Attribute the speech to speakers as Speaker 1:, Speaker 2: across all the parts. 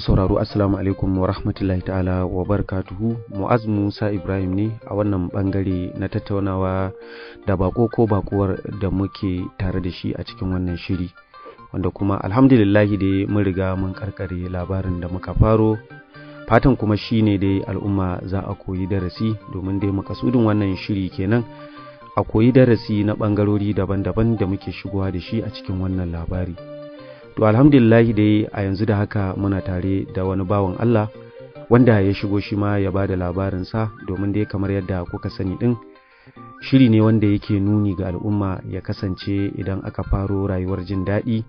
Speaker 1: sauraro assalamu alaikum wa rahmatullahi ta'ala wa barakatuhu mu'az musa ibrahim ne a wannan bangare na tattaunawa da bako ko bakuwar da muke tare da shi a cikin wannan shiri wanda kuma alhamdulillahi dai mun riga mun karkare labarin da muka faro fatan kuma shine dai al'umma za a koyi darasi domin dai makasudin wannan shiri kenan a koyi darasi na bangarori daban-daban da muke shigowa da shi a cikin wannan labari. to alhamdulillahi dai a yanzu da haka muna tare da wani bawan Allah wanda ya shigo shi ma ya ba da labarinsa domin dai kamar yadda kuka sani ɗin. shiri ne wanda yake nuni ga al'umma ya kasance idan aka faro rayuwar jin daɗi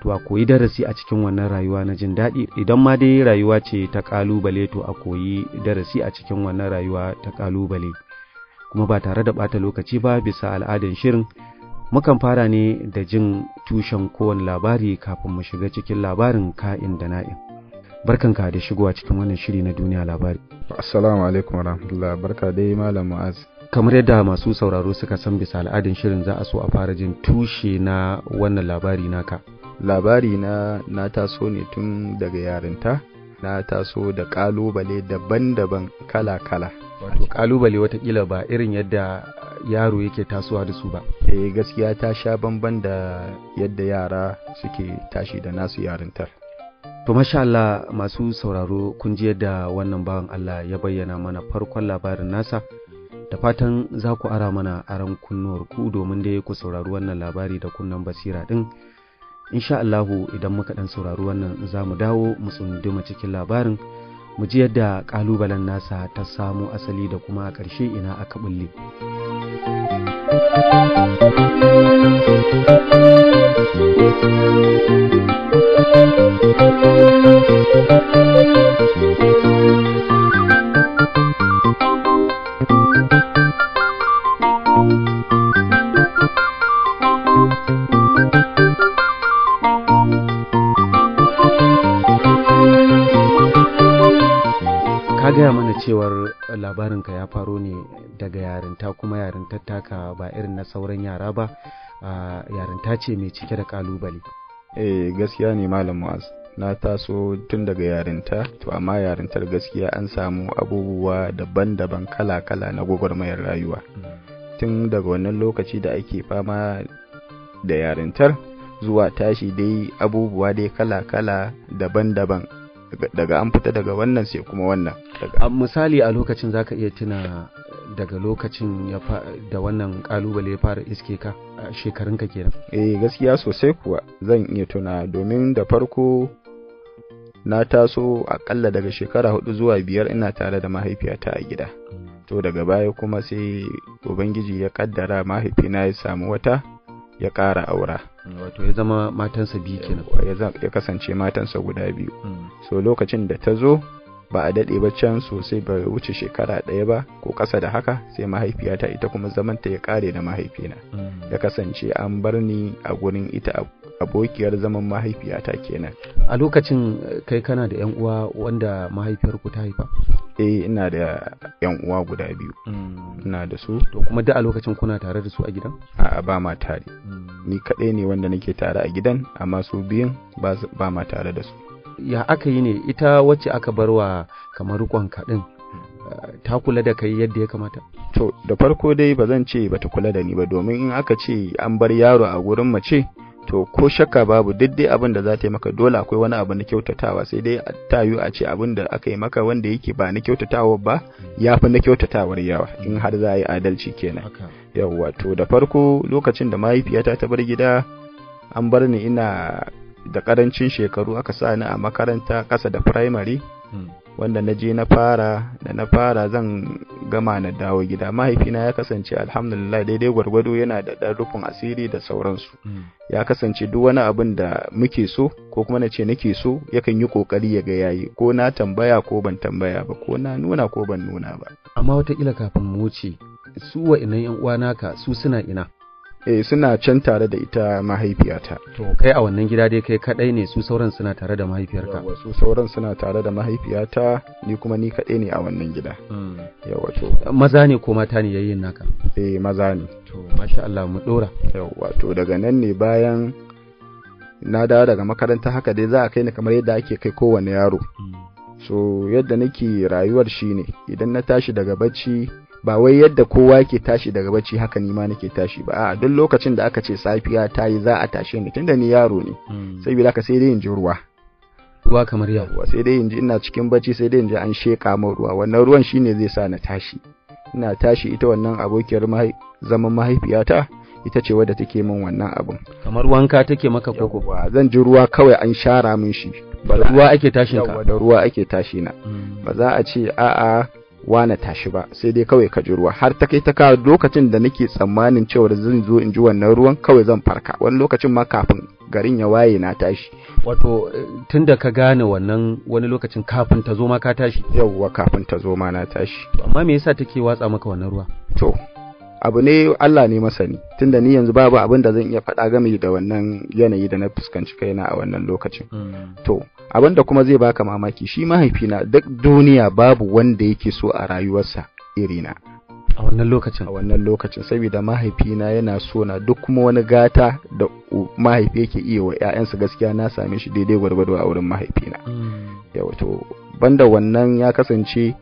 Speaker 1: to a koyi darasi a cikin wannan rayuwa na jin daɗi idan ma dai rayuwa ce ta ƙalubale to a koyi darasi a cikin wannan rayuwa ta ƙalubale kuma ba tare da ɓata lokaci ba bisa al'adar shirin mukan fara ne da jin tushen kowane labari kafin mu shiga cikin labarin ka'in da na'in barkanka da shigowa cikin wannan shiri na duniya labari assalamu alaikum warahmatullahi barka dai malam mu'az kamar yadda masu sauraro suka san bisa al'adin shirin za a so a fara
Speaker 2: jin tushe na wannan labari naka labari na na taso ne tun daga yarinta na taso da kalubale daban-daban kala-kala wato kalubale watakila ba irin yadda yaro yake tasowa da su ba eh gaskiya ta sha bamban da yadda yara suke tashi da nasu yarintar
Speaker 1: to masha Allah masu sauraro kun ji yadda wannan bawan Allah ya bayyana mana farkon labarin nasa da fatan za ku ara mana aran kunnuwar ku domin dai ku saurari wannan labari da kunnan basira din insha Allahu idan muka dan saurari wannan za mu dawo mu tsunduma cikin labarin mu ji yadda ƙalubalen nasa ta samu asali da kuma a ƙarshe ina aka bulle. thank you gaya mana cewar labarinka ya faro ne daga yarinta kuma yarintar taka ba irin na sauran yara ba yarinta ce mai cike da kalubale
Speaker 2: eh gaskiya ne malam mu'az na taso tun daga yarinta to amma yarintar gaskiya an samu abubuwa daban-daban kala-kala na gwagwarmayar rayuwa tun daga wannan lokaci da ake fama da yarintar zuwa tashi dai abubuwa dai kala-kala daban-daban daga an fita daga wannan sai kuma wannan
Speaker 1: a misali a lokacin zaka iya tuna daga lokacin da wannan kalubale ya fara iske ka shekarunka kenan
Speaker 2: eh gaskiya sosai kuwa zan iya tuna domin da farko na taso akalla daga shekara hudu zuwa biyar ina tare da mahaifiyata a gida to daga baya kuma sai ubangiji ya kaddara mahaifina ya samu wata ya ƙara aura wato ya zama matansa biyu kenan ya kasance matansa guda biyu hmm. so lokacin da ta zo ba a daɗe ba can sosai ba wuce shekara ɗaya ba ko ƙasa da haka sai mahaifiyata ita kuma zamanta ya kare da mahaifina hmm. ya kasance an bar ni a gurin ita a abokiyar zaman mahaifiyata kenan a lokacin
Speaker 1: eh, kai kana da yan uwa wanda mahaifiyarku ta haifa
Speaker 2: eh ina da yan uwa guda biyu hmm. ina da su to kuma da a lokacin kuna tare da su a gidan a'a ba ma tare hmm. ni kaɗai ne wanda nake tare a gidan amma su biyun ba ma tare da su
Speaker 1: ya aka yi ne ita wacce aka barwa kamar rikon kaɗin eh, ta kula da kai yadda ya kamata?
Speaker 2: To, da farko dai ba zan ce ba ta kula da ni ba domin in aka ce an bar yaro a gurin mace to ko shakka babu duk dai abin da za ta yi maka dole akwai wani abu na kyautatawa sai dai ta tayu a ce abin da aka yi maka wanda yake ba na kyautatawa ba ya fi na kyautatawar yawa in har za a yi adalci kenan yawwa to da farko lokacin da mahaifiyata ta bar gida an bar ni ina da karancin shekaru aka sa ni a makaranta kasa da firamare hmm. wanda na je na fara da na fara zan gama na dawo gida mahaifina ya kasance alhamdulillah daidai gwargwado yana da ɗan rufin asiri da sauransu mm. ya kasance duk wani abin da muke so ko kuma na ce nake so yakan yi kokari ya ga yayi ko na tambaya ko ban tambaya ba ko na nuna ko ban nuna ba amma wataƙila kafin mu wuce
Speaker 1: su wa inan yan uwa naka su suna ina
Speaker 2: e, suna can tare da ita mahaifiyata to kai a wannan gida dai kai kadai ne su sauran suna tare da mahaifiyarka yawa su sauran suna tare da mahaifiyata ni kuma ni kadai ne a wannan gida hmm. yawa to maza ne ko mata ne yayin naka eh maza ne to masha Allah mu dora yawa to daga nan ne bayan na dawo daga makaranta haka dai za a kai ni kamar yadda ake kai kowane yaro hmm. so yadda nake rayuwar shine idan na tashi daga bacci ba wai yadda kowa ke tashi daga bacci haka ni ma nake tashi ba a'a duk lokacin da aka ce safiya ta yi za a tashe ni tunda ni yaro ne hmm. saboda haka sai dai in ji ruwa ruwa kamar ruwa sai dai in ji ina cikin bacci sai dai in ji an sheka min ruwa wannan ruwan shine zai sa na tashi ina tashi ita wannan abokiyar zaman mahaifiyata ita ce wadda take min wannan abin
Speaker 1: kamar wanka take maka koko ba
Speaker 2: zan ji ruwa kawai an shara min shi
Speaker 1: ba ruwa ake tashin ka da ruwa
Speaker 2: ake tashi na hmm. ba za a ce a'a wane tashi ba sai dai kawai ka ji ruwa har ta kai ta kawo lokacin da nake tsammanin cewar zan zo in ji wannan ruwan kawai zan farka wani lokacin ma kafin garin ya waye na tashi
Speaker 1: wato tunda ka gane wannan wani lokacin kafin ta zo ma ka tashi yauwa kafin ta zo ma na tashi amma me yasa take watsa maka wannan ruwa
Speaker 2: to abu ne Allah ne masani tunda ni yanzu babu abin da zan iya faɗa game da wannan yanayi da na fuskanci kaina a wannan lokacin mm. to abin da kuma zai baka mamaki shi mahaifina duk duniya babu wanda yake so a rayuwarsa irina a wannan lokacin a wannan lokacin saboda mahaifina yana so na duk kuma wani gata da mahaifi yake iya wa ƴaƴansa gaskiya na same shi daidai gwargwado a wurin mahaifina mm. yawa to banda wannan ya kasance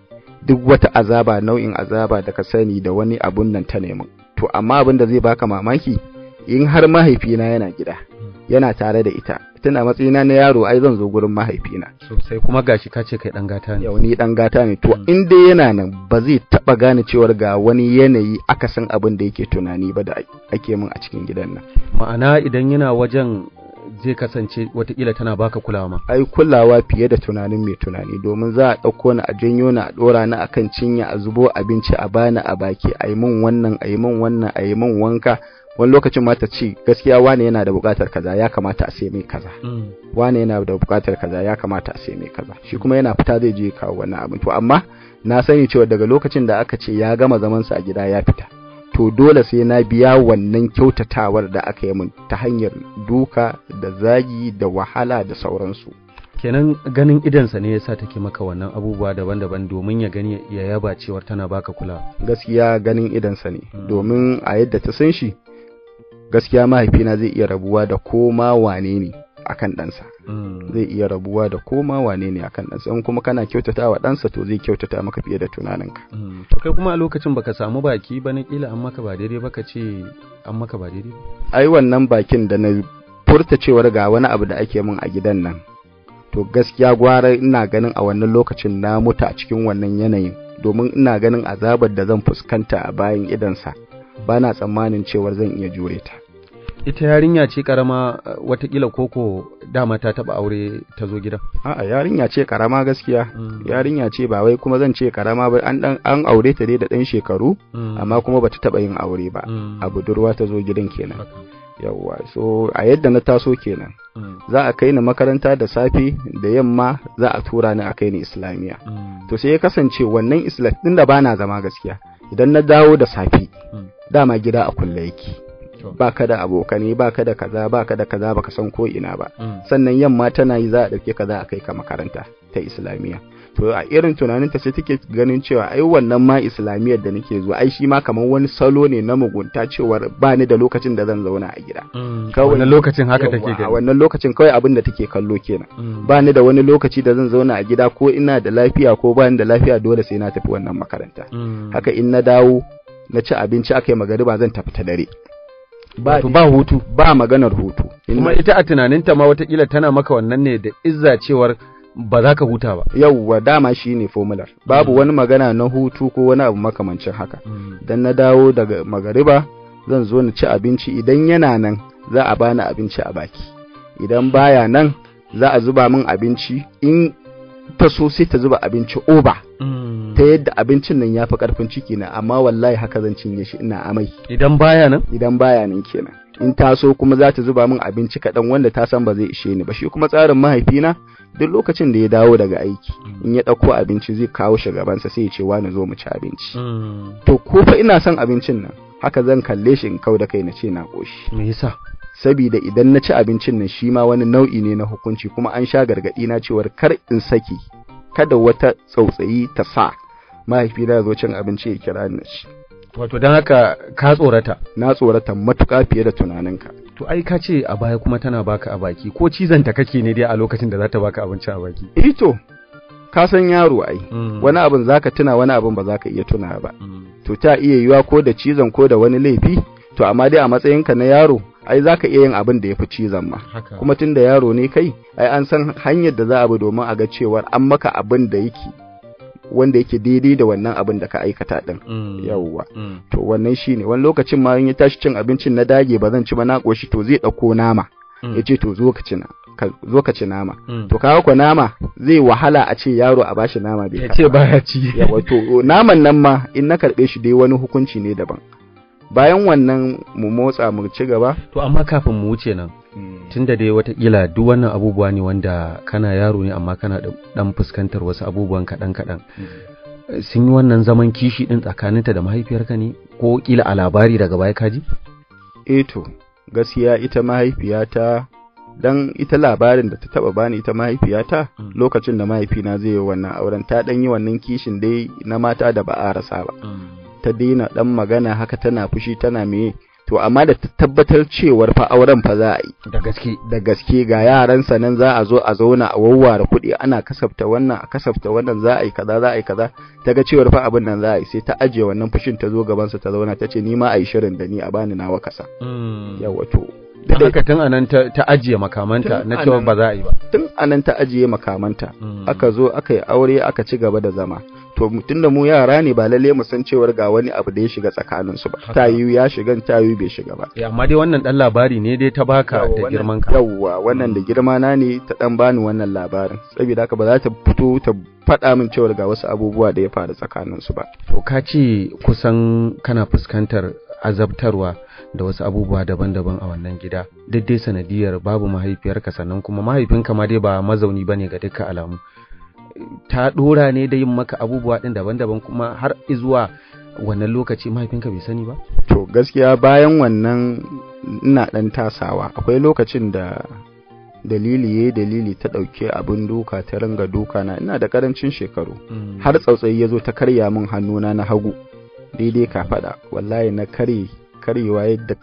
Speaker 2: duk wata azaba nau'in azaba da ka sani da wani abun nan ta nemi to amma abin da zai baka mamaki in har mahaifina yana gida hmm. yana tare da ita tana matsayina na yaro ai zan zo gurin mahaifina
Speaker 1: sosai kuma gashi ka ce kai dan gata ne yau ni
Speaker 2: dan gata ne to hmm. in dai yana nan ba zai taba gane cewar ga wani yanayi akasin abin da yake tunani ba da ake min a cikin gidan nan
Speaker 1: ma'ana idan yana wajen zai kasance watakila tana baka kulawa ma
Speaker 2: ai kulawa fiye da tunanin mai tunani domin za a ɗauko ni a janyo ni a ɗora ni kan cinya a zubo abinci a bani a baki a yi min wannan a yi min wannan a yi min wanka wani lokacin ma ta ce gaskiya wane yana da buƙatar kaza ya kamata a sai mai kaza mm. wane yana da buƙatar kaza ya kamata a sai mai kaza shi kuma yana fita zai je kawo wannan abin to amma na sani cewa daga lokacin da aka ce ya gama zamansa a gida ya fita to dole sai na biya wannan kyautatawar da aka yi min ta hanyar duka da zagi da wahala da sauransu
Speaker 1: kenan ganin idansa ne yasa take maka wannan abubuwa daban-daban domin ya gani ya yaba cewar tana baka kula.
Speaker 2: gaskiya ganin idansa ne hmm. domin a yadda ta san shi gaskiya mahaifina zai iya rabuwa da koma wane ne akan ɗansa mm. zai iya rabuwa da koma wane ne akan ɗansa in kuma kana kyautata wa ɗansa to zai kyautata maka fiye da tunaninka
Speaker 1: mm. to kai kuma a lokacin baka samu baki ba na kila an maka ba daidai baka ce an maka ba daidai
Speaker 2: ai wannan bakin da na furta cewar ga wani abu da ake min a gidan nan to gaskiya gwara ina ganin a wannan lokacin na mutu a cikin wannan yanayin domin ina ganin azabar da zan fuskanta a bayan idansa ba na tsammanin cewar zan iya jure ta
Speaker 1: ita yarinya ce karama watakila koko dama ta taba aure ta zo gida
Speaker 2: a'a yarinya ce karama gaskiya hmm. yarinya ce ba wai kuma zan ce karama ba an aure ta dai da dan shekaru hmm. amma kuma bata taba yin aure ba hmm. a budurwa ta zo gidan kenan yawwa so a yadda na taso kenan za a kai ni makaranta da safe da yamma za a tura ni a kai ni islamiya to sai ya kasance wannan islam din da bana zama gaskiya idan na dawo da safe dama gida a kulle yake Ba ka da abokanai ka da kaza ba ka da kaza ba ka san ko ina ba mm. sannan yamma tana yi za a dauke ka za a kai ka makaranta ta islamiyya to a irin tunanin ta sai take ganin cewa ai wannan ma islamiyyar da nake zuwa ai shi ma kamar wani salo ne na mugunta cewar ba ni da lokacin da zan zauna a gida
Speaker 1: mm. kawai wannan lokacin haka take gani wannan
Speaker 2: lokacin kawai abin da take kallo kenan mm. ba ni da wani lokaci da zan zauna a gida ko ina da lafiya ko ba ni da lafiya dole sai na tafi wannan makaranta haka in na dawo na ci abinci aka yi magariba zan tafi ta dare ba hutu ba maganar hutu kuma ita
Speaker 1: a tunaninta ma watakila tana maka wannan ne da izza cewar ba za ka huta ba
Speaker 2: yauwa dama shi ne formular babu hmm. wani magana na hutu ko wani abu makamancin haka hmm. dan na dawo daga magariba zan zo na ci abinci idan yana nan za a bani abinci a baki idan baya nan za a zuba min abinci in ta so sai ta zuba abinci oba mm. ta yadda abincin nan ya fi karfin ciki na amma wallahi haka zan cinye shi ina amai idan baya nan idan baya nan kenan in ta so kuma za ta zuba min abinci kaɗan wanda ta san ba zai ishe ni ba shi kuma tsarin mahaifina duk lokacin da ya dawo daga aiki mm. in ya ɗauko abinci zai kawo shi gabansa sai ya ce wani zo mu ci abinci mm. to ko fa ina son abincin nan haka zan kalle shi in kau da kai na ce na ƙoshi me yasa sabida idan na ci abincin nan shi ma wani nau'i ne na hukunci kuma an sha gargaɗi na cewar kar in saki kada wata tsautsayi ta sa mahaifi da zo cin abinci ya kira ni shi wato don haka ka tsorata na tsorata matuƙa fiye da tunaninka
Speaker 1: to ai ka ce a baya kuma tana baka a baki ko cizanta kake ne dai a lokacin da za ta baka abinci a baki
Speaker 2: eh to ka san yaro ai mm. wani abin zaka tuna wani abin ba zaka iya tuna ba mm. to ta iya yiwa ko da cizon ko da wani laifi to amma dai a matsayinka na yaro ai za ka iya yin abin da ya fi cizon ma kuma tun da yaro ne kai ai an san hanyar da za a bi domin a ga cewar an maka abin da yake wanda yake daidai da wannan abin da ka aikata din mm. yawwa mm. to wannan shine wani lokacin ma in ya tashi cin abincin na dage ba zan ci ba na koshi to zai dauko nama mm. ya ce to zo ka ci na zo ka ci nama to kawo ko nama zai wahala a ce yaro a bashi nama bai ya ce baya ci yawa to naman nan ma in na karbe shi dai wani hukunci ne daban bayan wannan mu motsa mu ci gaba
Speaker 1: to amma kafin mu wuce nan hmm. tun da dai watakila duk wannan abubuwa ne wanda kana yaro ne amma kana dan fuskantar wasu abubuwan kaɗan kaɗan
Speaker 2: hmm.
Speaker 1: sun yi wannan zaman kishi ɗin tsakaninta da mahaifiyarka ne ko kila a labari daga baya kaji
Speaker 2: eto eh gaskiya ita mahaifiyata dan ita labarin da ta taba bani ita mahaifiyata hmm. lokacin da mahaifina zai yi wannan auren ta dan yi wannan kishin dai na mata da ba a rasa ba ta daina dan magana haka tana fushi tana meye to amma da ta tabbatar cewar fa auren fa za a yi da gaske da gaske ga yaransa nan za a zo a zauna a wawware kuɗi ana kasafta wannan a kasafta wannan za a yi kaza za a yi kaza ta ga cewar fa abin nan za a yi sai ta ajiye wannan fushin ta zo gaban sa ta zauna ta ce ni ma a yi shirin da ni a bani nawa kasa hmm. yawa to da haka
Speaker 1: tun anan ta ajiye makamanta na cewa ba za a yi ba
Speaker 2: tun anan ta ajiye makamanta hmm. aka zo aka yi aure aka ci gaba da zama to da mu yara ne ba lalle mu san cewar ga wani abu da ya shiga tsakanin su ba tayu ya shiga tayu bai shiga ba eh, amma dai wannan dan labari ne dai ta baka da girman ka yawwa wannan da girma na ne ta dan bani wannan labarin saboda haka ba za ta fito ta faɗa min cewar ga wasu abubuwa da ya faru tsakanin su ba to ka ce
Speaker 1: kusan kana fuskantar azabtarwa da wasu abubuwa daban-daban a wannan gida duk dai sanadiyar babu mahaifiyarka sannan kuma mahaifinka ma dai ba mazauni bane ga dukkan alamu ta dora ne da yin maka abubuwa ɗin daban-daban kuma har izuwa wannan lokaci mahaifinka bai sani ba?
Speaker 2: To gaskiya bayan wannan ina ɗan tasawa akwai lokacin da dalili ya dalili ta ɗauke abin duka ta ringa duka na ina da ƙarancin shekaru mm. har tsautsayi ya zo ta karya min hannuna na hagu daidai ka faɗa wallahi na karye karyewa yadda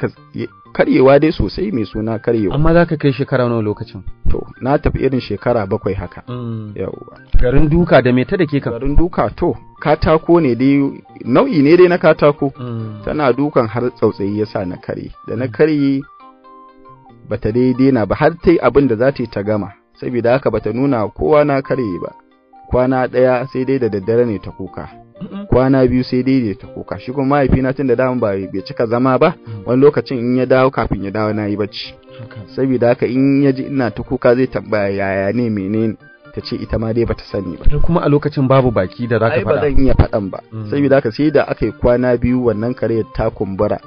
Speaker 2: karyewa dai sosai mai suna karyewa amma za ka kai shekara nawa lokacin to na tafi irin shekara bakwai haka mm. yawwa garin duka da me ta da ke ka garin duka to katako ne dai nau'i ne dai na katako mm. tana dukan har tsautsayi yasa na kare da na mm. kare bata dai daina ba har ta yi abin da za ta yi ta gama saboda haka bata nuna kowa na kare ba kwana ɗaya sai dai da daddare ne ta kuka kwana biyu sai ta kuka shi kuma mahaifina tun da dama bai cika zama ba mm. wani lokacin in ya dawo kafin ya dawo na yi bacci saboda haka in ya ji ina ta kuka zai tambaya yaya ne menene ta ce ita ma dai bata sani
Speaker 1: ba kuma a lokacin babu baki da zaka faɗa ai ba
Speaker 2: zan iya fadan ba mm. saboda haka sai da aka yi kwana biyu wannan kare ta kumbura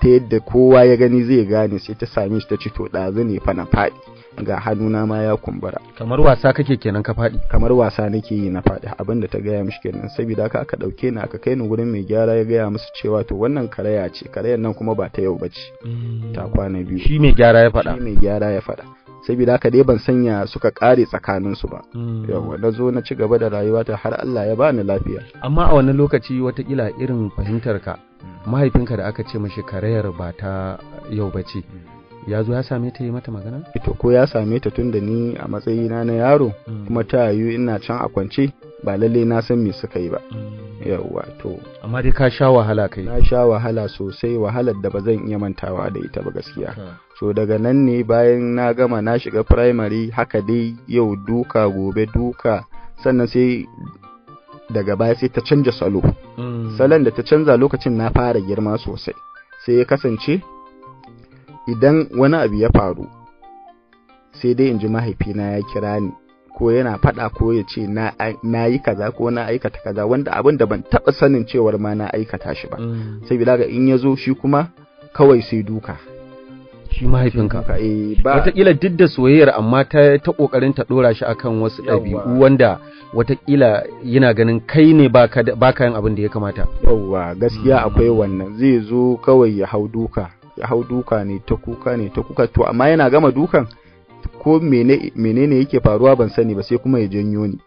Speaker 2: ta yadda kowa ya gani zai gane sai ta same shi ta ci to ɗazu ne fana na faɗi ga hannuna ma ya kumbura kamar wasa kake kenan ka faɗi kamar wasa nake yi na faɗi abin da ta gaya mishi kenan saboda haka aka ɗauke ni aka kai ni wurin mai gyara ya gaya musu cewa to wannan karaya ce karayan nan kuma ba ta yau ba ce mm. ta kwana biyu shi mai gyara ya faɗa shi mai gyara ya faɗa saboda haka dai ban sanya suka kare tsakaninsu ba
Speaker 1: mm. yawa
Speaker 2: na zo na ci gaba da rayuwa ta har Allah ya bani lafiya
Speaker 1: amma a wani lokaci watakila irin fahimtar ka mm. mahaifinka da aka ce mashi karayar ba ta yau bace ya zo ya same ta yi mata magana?
Speaker 2: Ito ko ya same ta tun da ni a matsayina na yaro mm. kuma ta yi ina can a kwance ba lalle na san me suka yi ba. Mm. Yawwa to. Amma dai ka sha wahala kai. Na sha wahala sosai wahalar da ba zan iya mantawa da ita ba gaskiya. So daga nan ne bayan na gama na shiga primary haka dai yau duka gobe duka sannan sai daga baya sai ta canja salo. Mm. Salon da ta canza lokacin na fara girma sosai. Sai ya kasance idan wani abu ya faru sai dai in ji mahaifina ya kira ni ko yana faɗa ko ya ce na yi kaza ko na aikata kaza wanda abin da ban taɓa sanin cewar ma na aikata shi ba mm. saboda ga in ya zo shi kuma kawai sai duka shi mahaifinka eh, watakila
Speaker 1: duk da soyayyar amma ta ta kokarin ta dora shi akan wasu ɗabi'u wanda watakila yana ganin kai ne baka yin abin da ya kamata
Speaker 2: yawwa gaskiya mm. akwai wannan zai zo kawai ya hau duka hau duka ne ta kuka ne ta kuka to amma yana gama dukan ko menene yake faruwa ban sani ba sai kuma ya janyo ni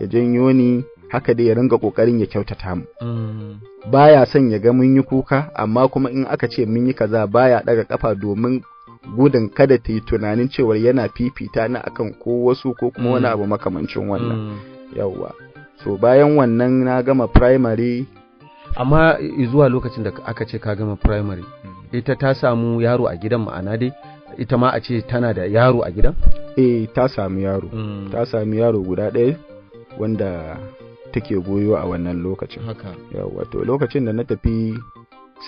Speaker 2: ya janyo ni haka dai ya ringa kokarin ya kyautata mu mm. baya son ya ga mun yi kuka amma kuma in aka ce mun yi kaza baya daga kafa domin gudun kada ta yi tunanin cewar yana fifita na akan ko wasu ko kuma wani mm. abu makamancin wannan mm. yawwa so bayan wannan na gama primary amma
Speaker 1: zuwa lokacin da aka ce ka gama primary ita ta samu yaro a gidan ma'ana dai
Speaker 2: ita ma a ce tana da yaro a gidan eh ta samu yaro mm. ta samu yaro guda ɗaya wanda take goyo a wannan lokacin haka yawa wato lokacin da na tafi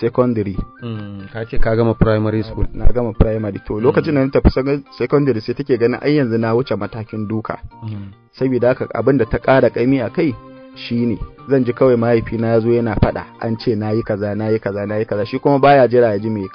Speaker 2: secondary
Speaker 1: mm, ka ce ka gama primary school
Speaker 2: na gama primary to lokacin da mm. na tafi secondary sai take ganin ai yanzu na wuce matakin duka mm. saboda haka abin da ta ƙara ƙaimi a kai shine zan ji kawai mahaifina ya zo yana faɗa an ce na yi kaza na yi kaza na yi kaza shi kuma baya jira ya ji me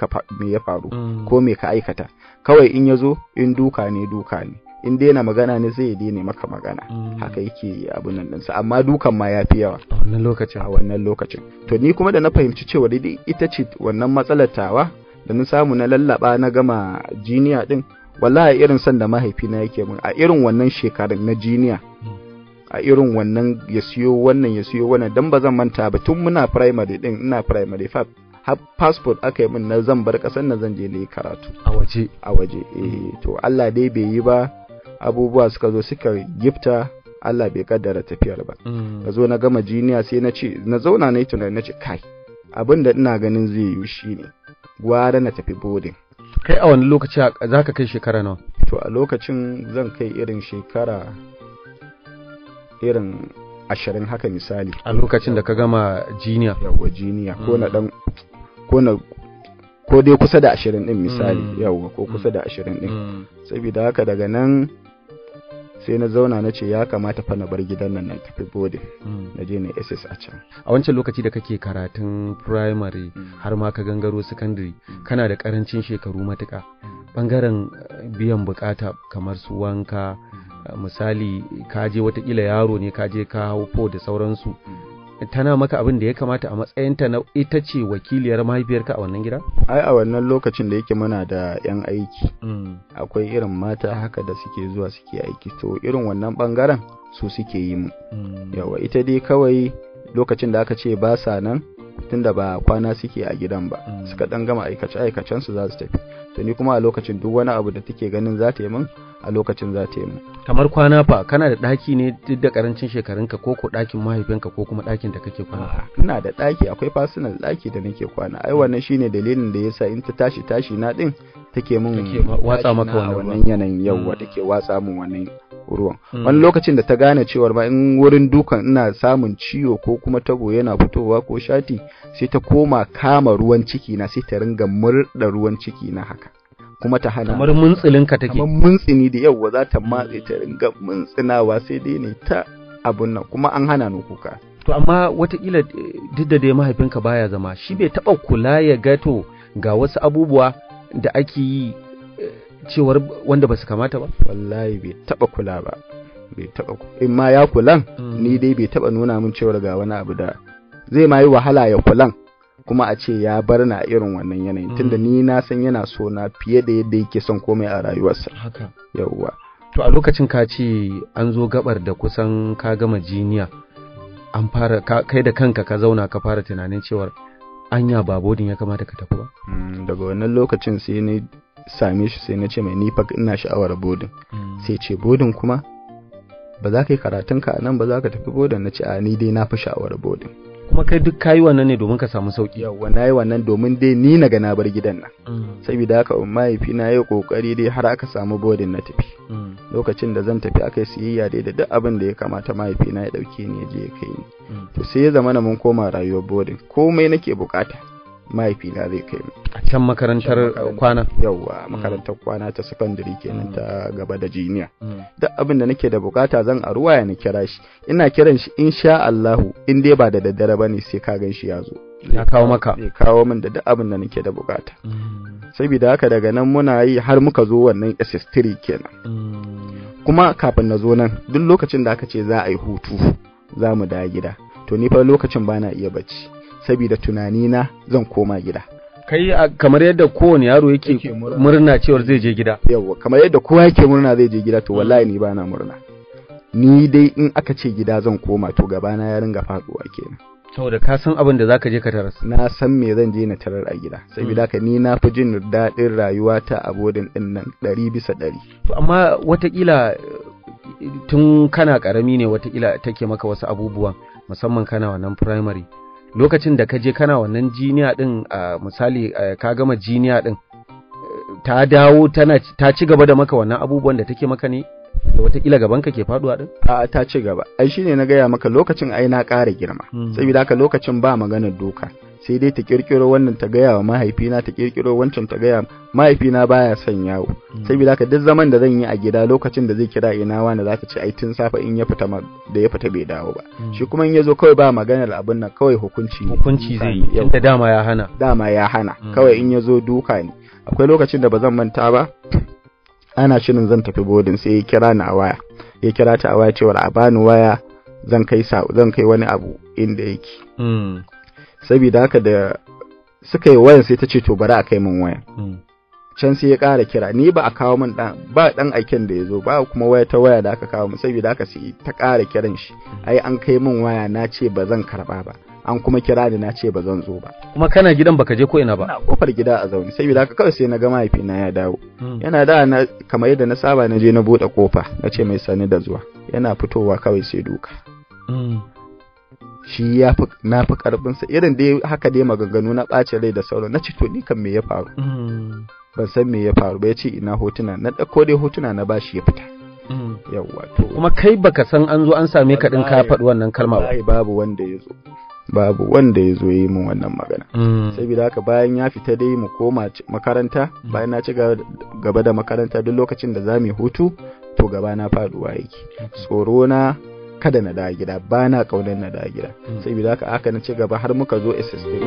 Speaker 2: ya faru mm. ko me ka aikata kawai in ya zo in duka ne duka ne in daina magana ne zai daina maka magana mm. haka yake abin nan ɗinsa amma dukan ma ya fi yawa a wannan lokacin a wannan lokacin to ni kuma da na fahimci cewa dai ita ce wannan matsalar tawa da na samu na lallaba na gama jiniya din wallahi irin san da mahaifina yake mun a irin wannan shekarun na jiniya mm. a irin wannan ya siyo wannan ya siyo wannan dan ba zan manta ba tun muna primary din ina primary fab har passport aka yi min na zan bar kasar na zan je ne karatu a waje a waje eh to Allah dai bai yi ba abubuwa suka zo suka gifta Allah bai kaddara tafiyar ba ka mm. zo na gama jiniya sai na ce na zauna na yi tunani na ce kai abin da ina ganin zai yiwu ne. gwara na tafi boarding kai a wani lokaci za ka kai shekara nawa to a lokacin zan kai irin shekara irin ashirin haka misali a lokacin da ka gama jiniya yawwa jiniya ko na dan ko na ko dai kusa da ashirin din misali mm. yawwa ko kusa da ashirin din mm. saboda haka daga nan sai na zauna na ce ya kamata fa na bar gidan nan na tafi bodin mm. na je na ss a can
Speaker 1: a wancan lokaci da kake karatun primary har ma ka gangaro secondary kana da karancin shekaru matuka bangaren eh, biyan bukata kamar su wanka misali ka kaje watakila yaro ne ka je ka hau fo da sauransu tana maka abin da ya kamata a matsayinta na ita ce wakiliyar mahaifiyarka a wannan gida?
Speaker 2: Ai a wannan lokacin da yake muna da 'yan aiki, mm. akwai irin mata haka da suke zuwa suke aiki, to irin wannan bangaren su suke yi mu. Mm. Yawa ita dai kawai lokacin da aka ce ba sa nan tun da ba kwana suke a gidan ba, mm. suka ɗan gama aikace-aikacensu za su tafi. To ni kuma a lokacin duk wani abu da take ganin za ta yi mun a lokacin za ta yi mu
Speaker 1: kamar kwana fa kana da ɗaki ne duk da ƙarancin shekarunka ko ko ɗakin mahaifinka ko kuma ɗakin da kake kwana
Speaker 2: ina da ɗaki akwai fasinal ɗaki da nake kwana ai wannan shine dalilin da yasa in ta tashi tashi na ɗin take min watsa maka wannan yanayin yawwa hmm. take watsa min wannan ruwan hmm. wani lokacin da ta gane cewar ba in wurin dukan ina samun ciwo ko kuma tago yana fitowa ko shati sai ta koma kama ruwan ciki na sai ta ringa murda ruwan ciki na haka kuma ta hana kamar ka take kamar muntsini da yau za ta matse ta ringa muntsinawa sai dai ne ta abun nan kuma an hana ni kuka
Speaker 1: to amma watakila eh, duk da dai mahaifinka baya zama shi bai taba kula ya gato ga wasu abubuwa da ake yi
Speaker 2: eh, cewar wanda ba su kamata ba wallahi bai taba kula ba bai taba in ma ya kulan mm. ni dai bai taba nuna min cewar ga wani abu da zai ma yi wahala ya kulan kuma a ce ya bar na irin wannan yanayin tunda mm. ni na san yana so na fiye da yadda yake son komai a rayuwarsa haka yawwa
Speaker 1: to a lokacin ka ce an zo gabar da kusan ka gama jiniya an fara kai da kanka ka zauna ka fara tunanin cewar anya ba bodin ya kamata ka tafi ba
Speaker 2: mm, daga wannan lokacin sai ni same shi sai na ce mai nifa ina sha'awar bodin mm. sai ce bodin kuma ba za ka yi karatunka a nan ba za ka tafi bodin na ce a ni dai na fi sha'awar bodin
Speaker 1: kuma kai duk kayi wannan ne domin ka
Speaker 2: samu sauki yawa na yi wannan domin dai ni na ga na bar gidan nan mm. saboda haka mahaifi na yi kokari dai har aka samu bodin na tafi mm. lokacin da zan tafi aka yi siyayya dai da duk abin da ya kamata mahaifi na ya dauke ni ya je ya kai ni mm. to sai ya zama na mun koma rayuwar bodin komai nake bukata mahaifina zai kai mu a can makarantar kwana yauwa mm. makarantar kwana ta secondary kenan mm. ta gaba da jiniya mm. duk abin da nake da bukata zan a ruwa na kira shi ina kiran shi insha Allahu in dai ba da daddare bane sai ka gan shi ya zo ya kawo maka ya kawo min da duk abin da nake da bukata saboda haka daga nan muna yi har muka zo wannan SS3 kenan kuma kafin na zo nan duk lokacin da aka ce za a yi hutu za mu da gida to ni fa lokacin bana iya bacci saboda tunanina zan koma gida
Speaker 1: kai kamar yadda kowane yaro yake murna cewar zai je gida yawa
Speaker 2: kamar yadda kowa yake murna zai je gida to mm. wallahi ni bana murna ni dai in aka ce gida zan koma to gabana ya ringa faduwa kenan saboda ka san abin da za ka je ka tarar na san me zan je na tarar a gida saboda mm. haka ni na fi jin daɗin rayuwa ta a bodin ɗin nan ɗari bisa ɗari
Speaker 1: amma watakila eh, tun kana ƙarami ne watakila take maka wasu abubuwan musamman kana wannan primary lokacin da ka je kana wannan jiniya din a misali ka gama jiniya din ta dawo tana ta ci gaba da maka wannan abubuwan da take maka ne da watakila gaban ka ke faduwa din
Speaker 2: a ta ci gaba ai shine na gaya maka lokacin ai na ƙara girma hmm. saboda haka lokacin ba maganar doka sai dai ta kirkiro wannan ta gaya wa mahaifina ta kirkiro wancan ta gaya mahaifina baya son yawo mm. saboda ka duk zaman da zan yi a gida lokacin da zai kira ina wani ka ce ai tun safa in ya fita da ya fita bai dawo ba mm. shi kuma in yazo kawai ba maganar abin nan kawai hukunci hukunci zai yi tunda dama ya hana dama ya hana mm. kawai in yazo duka ne akwai lokacin da ba zan manta ba ana shirin zan tafi bodin sai ya kira ni a waya ya kira ta a waya cewa a bani waya zan kai zan kai wani abu inda yake saboda haka da suka yi wayan sai ta ce to bari a kai min wayan hmm. can sai ya ƙara kira ni ba a kawo min dan ba dan aiken da ya zo ba kuma waya ta waya da aka kawo min saboda haka sai ta ƙara kiran shi hmm. ai an kai min waya na ce ba zan karba ba an kuma kira ni na ce ba zan zo ba
Speaker 1: kuma kana gidan baka je ko ina ba na
Speaker 2: kofar gida a zaune saboda haka kawai sai na ga mahaifina ya dawo hmm. yana da na kamar yadda na saba na je na bude kofa na ce mai sani da zuwa yana fitowa kawai sai duka shi ya fi na fi sa irin dai haka dai maganganu na ɓace rai da sauran na ce to ni kan me ya faru
Speaker 1: mm.
Speaker 2: ban san me ya faru ba ya ce ina hotuna na ɗauko dai hotuna na bashi ya fita mm. yawwa to kuma kai baka san an zo an same ka din ka faɗi wannan kalma ba babu wanda ya zo babu wanda ya zo yi min wannan magana mm. saboda haka bayan ya fita dai mu koma makaranta bayan na ci gaba da makaranta duk lokacin da za mu hutu to gaba na faduwa yake tsoro na kada na dawo gida ba na na dawo gida mm. saboda haka aka na ci gaba har muka zo SSA